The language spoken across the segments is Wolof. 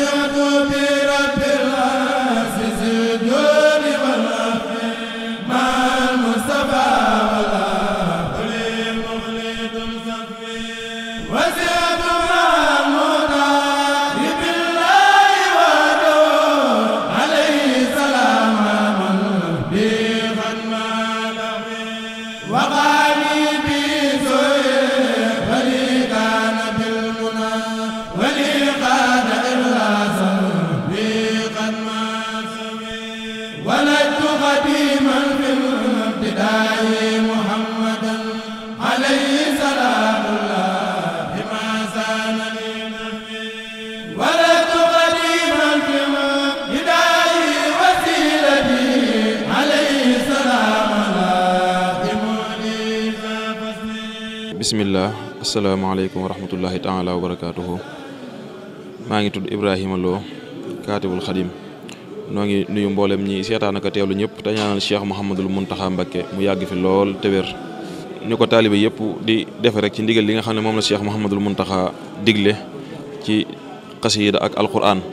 واسعة bisimilah asalaamaaleykum wa rahmatullahi taala wa barakaatuhu maa ngi tudd Ibrahima Lo kaatibul xadim noo ngi nuyu mboolem ñi seetaan ak teewlu ñëpp te ñaanal Cheikh Mouhamadul Mountakha Mbacké mu yàgg fi lool te wér ni ko taalibe yëpp di defe rek ci ndigal li nga xam ne moom la Cheikh Mouhamadul Mountakha digle ci xasiida ak alquran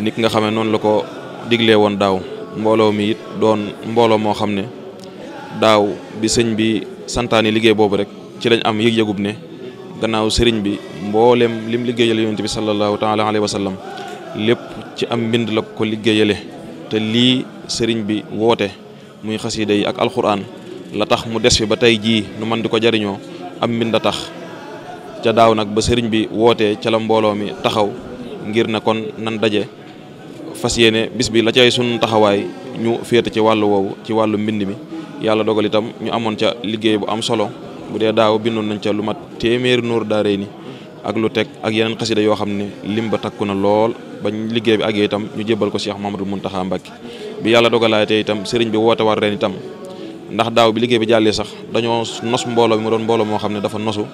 nit nga xam ne noonu la ko digle woon daaw mbooloo mi it doon mbooloo moo xam ne daaw bi sëñ bi santaani liggéey boobu rek. ci lañ am yëg-yëgub ne gannaaw sëriñ bi mbooleem lim liggéeyale yonent bi sallallahu taala alayhi wa sallam lépp ci am mbind la ko liggéeyale te lii sëriñ bi woote muy xasiida yi ak alxuraan la tax mu des fi ba tey jii nu man di ko jariñoo am mbind a tax ca daaw nag ba sëriñ bi wootee ca la mbooloo mi taxaw ngir na kon nan daje fas yéene bis bi la cay sun taxawaay ñu féete ci wàllu woowu ci wàllu mbind mi yàlla dogal itam ñu amoon ca liggéey bu am solo bu dee daaw bindoon nañ ca lu mat téeméeri nuur daaree nii ak lu teg ak yeneen xasida yoo xam ne lim ba takku na lool bañ liggéey bi àggee itam ñu jébbal ko Cheikh Mamadou Mountakha Mbacké bi yàlla dogalaatee itam sëriñ bi woote war ren itam ndax daaw bi liggéey bi jàllee sax dañoo nos mbooloo bi mu doon mbooloo moo xam ne dafa nosu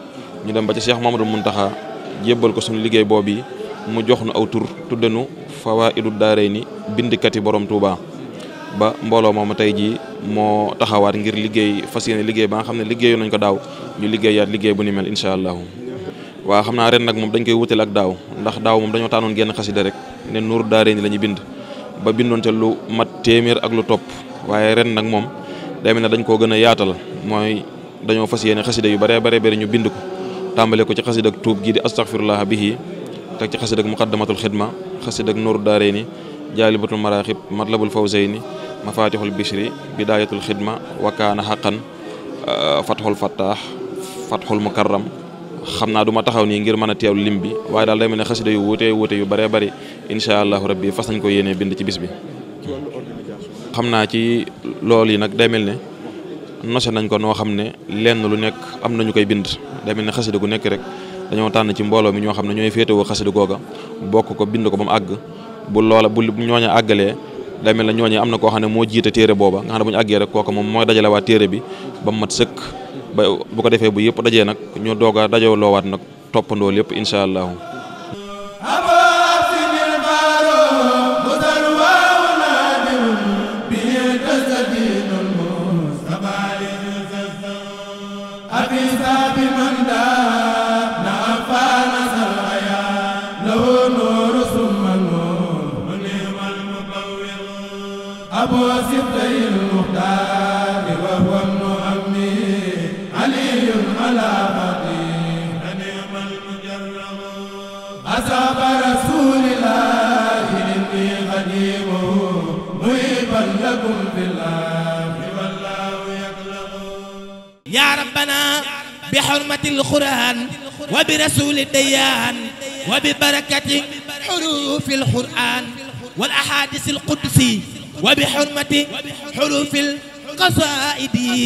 ñu dem ba ca ci Cheikh mun Mountakha jébbal ko suñu liggéey boobu yi mu jox nu aw tur tuddenu Fawaaidud Daarayni bindikati borom Touba ba mbooloo moom tey jii moo taxawaat ngir liggéey fas yéene liggéey ba nga xam ne liggéeyu nañ ko daaw ñu liggéeyaat liggéey bu ni mel incha allahu waaw xam naa ren nag moom dañ koy wuteel ak daaw ndax daaw moom dañoo tànnoon genn xasida rek ne nuur daaree ni la ñu bind ba bindoon ca lu mat téeméer ak lu topp waaye ren nag moom day mel ne dañ koo gën a yaatal mooy dañoo fas yéene xasida yu bare bare bare ñu bind ko tàmbale ko ci xasida ak tuub gii di astaghfirullah bihi teg ci xasida ak muqaddamatul xidma xasida ak nuur daaree ni jaalibatul maraaxib matlabul fawzayni mafatixul bishri bidayatul xidma wakaana xaqan uh, fatxul fattaax fatxul mukarram xam naa du ma taxaw nii ngir mën a teew lim bi waaye daal day mel ne xasida yu wuute wuute yu bëree bëri incha allahu rabbi fas nañ ko yéenee bind ci bis bi xam naa ci loolu yi nag day mel ne nose nañ ko noo xam ne lenn lu nekk am nañu koy bind day mel ne xasida gu nekk rek dañoo tànn ci mbooloo mi ñoo xam ne ñooy féetewoo xasida googa bokk ko bind ko ba mu àgg bu loola bu ñooña àggalee day mel na ñooñu am na koo xam ne moo jiite téere booba nga xam ne bu ñu àggee rek kooku moom mooy dajale téere bi ba mu mat sëkk ba bu ko defee bu yëpp dajee nag ñu doog a dajoo loowaat nag toppandoo lépp incha allahu أبو سبتي المختار وهو ابن أمي علي على خطيه نعم المجرم أصاب رسول الله إني خديمه مهيبا لكم في الله والله يقلم يا ربنا بحرمة القرآن وبرسول الديان وببركة حروف القرآن والأحاديث القدسي وبحرمة حروف القصائد